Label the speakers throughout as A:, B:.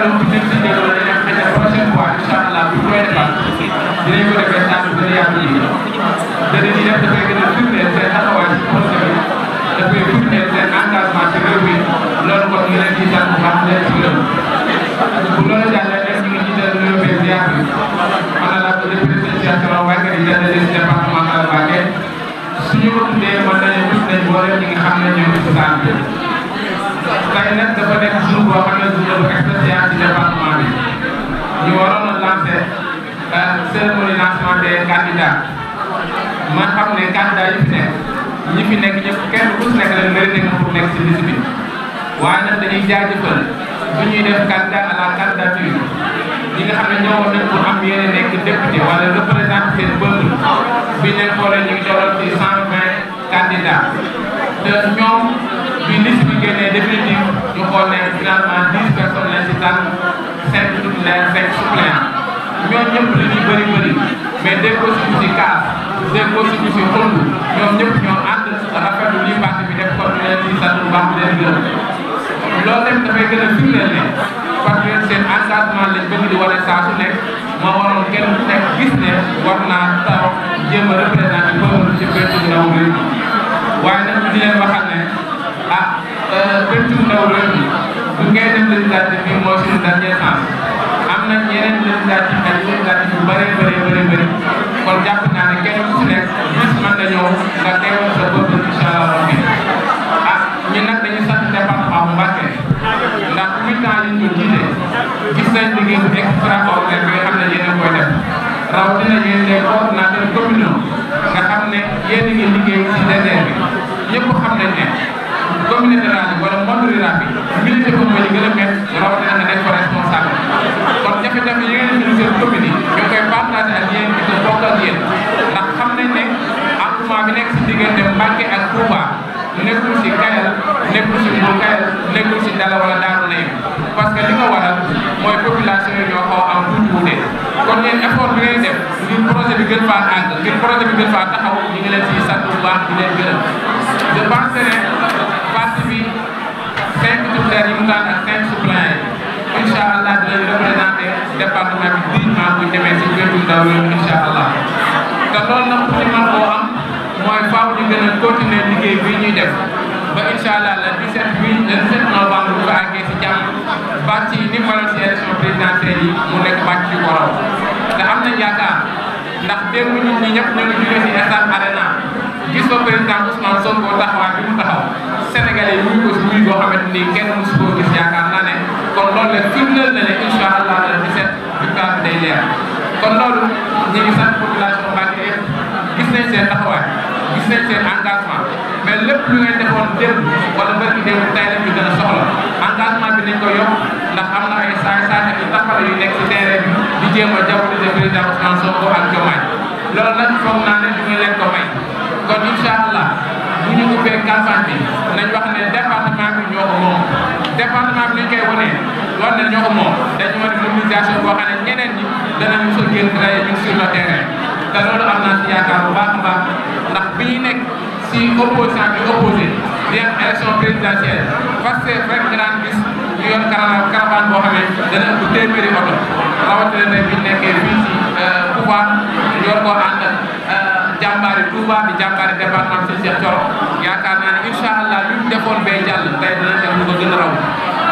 A: loolu bu ñu leen ko defee prochaine fois incha allah bu ñu koy defaat dinañ ko defee saa yu gën a yàgg yi. te dañuy def dafay gën a firndeel seen taxawaay ci projet bi dafay firndeel seen engagement ci réew mi loolu kon ñu leen di sant bu baax leen ci gërëm bu loolu jàllee rek ñu ngi jiital nuyoo bi ziar bi maanaam la représentation waaye nga di jàllale département Mbacké suñu ko tuddee mën nañu gis nañ boole ñi nga xam ne ñoom ci santé tey nag dafa nekk jour boo xam ne journée bu spécial ci département bi ñu waroon a lancé euh, cérémonie lancement des candidats man xam ne candidat yi fi nekk ñi fi nekk ñëpp kenn ku ci nekk rek mérité nga pour nekk ci liste bi waaye nag dañuy jaajëfal bu ñuy def candidat à la candidature ñi nga xam ne ñëwoon nañ pour am yéene nekk député wala représenté seen bëgg bi ñu leen xoolee ñu ngi tolloon ci cent vingt candidats. xool ne finalement dix personnes lañ ci tànn cinq titulaires cinq suppléants ñoom ñëpp li ñuy bëri bëri mais des causes ci kaas des causes ci xund ñoom ñëpp ñoo ànd rafetlu li parti bi def kon ñu leen di sant bu baax di leen gërëm loolu tamit dafay gën a firndeel ne parce que seen engagement lañ bëgg di wane saa su nekk moo waroon kenn gis ne war naa taw jéem a représenté peuple ci benn réew mi waaye nag di leen waxal ne ah. pentu ndaw réew mi bu ngeen dem législative bi mooy suñu dernier chance am nañ yeneen législative ak législative yu bëree bëree bëri bëri kon jàpp naa ne kenn ku si nekk bis mën na ñëw nga teewal sa bopp incha allah rabbi ah ñun nag dañu sant département bu Mbacké ndax huit ans yi ñu jiite gis nañ liggéey bu extraordinaire bi nga xam ne yéen a koy def rawatina yéen les coordonnateurs communaux nga xam ne yéen a ngi liggéey ci DG Touba nekkul si Kayal nekkul si Mbour Kayal si Dala wala Daaru Nayim parce que li ko waral mooy population yi ñoo xaw am tuuti wuute kon leen effort bi ngay def ngir projet bi gën faa àgg ngir projet bi gën faa taxaw ñu ngi leen siy sant bu baax di leen gërëm je pense que parti bi cinq titulaires yi mu daan ak cinq suppléants yi incha allah dinañ représenté département bi dignement bu ñu demee si wéru ndaw yooyu incha allah te loolu nag pour ñu mën koo am mooy faaw gën a continuer liggéey bii ñuy def ba incha allah le 17 bii le 17 novembre bu ko àggee si jàmm parti yi ni faral si élection présidentielle yi mu nekk bàcc ci ko raw te am nañ yaakaar ndax démb nit ñi ñëpp ñu ngi jugee si stade Arena gis ko président Ousmane Sonko taxawaay bi mu taxaw Sénégalais yi ñu ko si muy boo xamante ni kenn mosu ko gis yaakaar naa ne kon loolu la firndeel na ne incha allah le 17 victoire bi leer kon loolu ñu ngi sant population Mbacké seen taxawaay. gis nañ seen engagement mais lépp lu ngeen defoon démb wala bërki démb tey lañ ñu gën a soxla engagement bi nañ ko yokk ndax am na ay saay saay ak taxawal yu nekk si terrain bi di jéem a jàppale président Ousmane Sonko ak Diomaye loolu nag foog naa ne du ñu leen ko may kon incha allah bu ñu ubbee campagne bi nañ wax ne département bi ñoo moom département bi ñu koy wanee war na ñoo ko moom dañu war a mobilisation boo xam ne ñeneen ñi danañ mos a bu baax a ndax bi ñu nekk si opposition bi opposé di am élection présidentielle Pastef rek nga daan gis ñu yor caravane boo xam ne dana ëpp téeméeri oto rawatina bi ñu nekkee fii si pouvoir euh, ànd euh, jàmbaari Touba di jàmbaari département si Cheikh Thioro yaakaar naa ne incha allah li ñu defoon bay jàll tey dana def lu ko gën a raw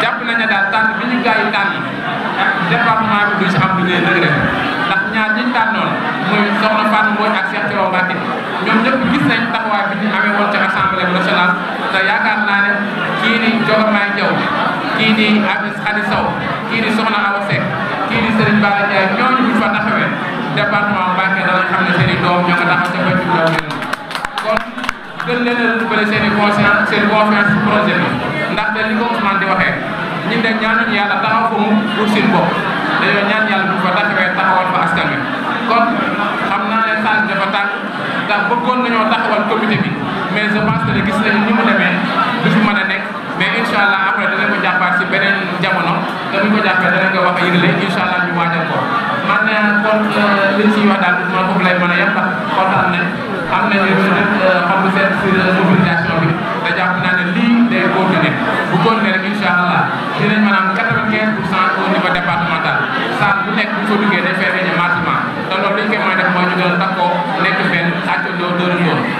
A: jàpp nañu daal tànn bi ñu gars yi tànn département bi du si am lu ndax ñaar ñi ñu tànnoon muy soxna Fatou Mbodj ak Cheikh Thioro Mbacké ñoom ñëpp gis nañ taxawaay bi ñu amee woon ca assemblée naa ne di Diomaye Diaw kii di Amis Khady Sow kii di Soxna Awa Seck kii di Serigne xam ne seen i doom ñoo ko taxaw a seen i conscience seen confiance projet bi ndax de li ko Ousmane di waxee ñun de ñaanuñu yàlla taxaw ko mu pour suñu bopp dañoo ñaan yàlla bu fa taxawee taxawal fa askan comité bi mais je pense gis nañ ni mu demee du fi mën a nekk mais incha allah après danañ ko jàppaat si beneen jamono te mu ñu ko jàppee danañ ko a yëgle incha allah ñu waajal ko. man euh, kon euh, liñ siy wax daal man a yem ndax kontaan nañ am nañ lu ñu def euh, xam lu seet sur mobilisation bi te jàpp naa ne lii day continuer bu continuer rek incha allah dinañ mën a am 95 pour cent au niveau départemental saa bu nekk bu ko duggee day fexe ñu marchement te loolu li ñu koy mën a def mooy ñu gën a takkoo nekk benn àcc doo dóorandoo.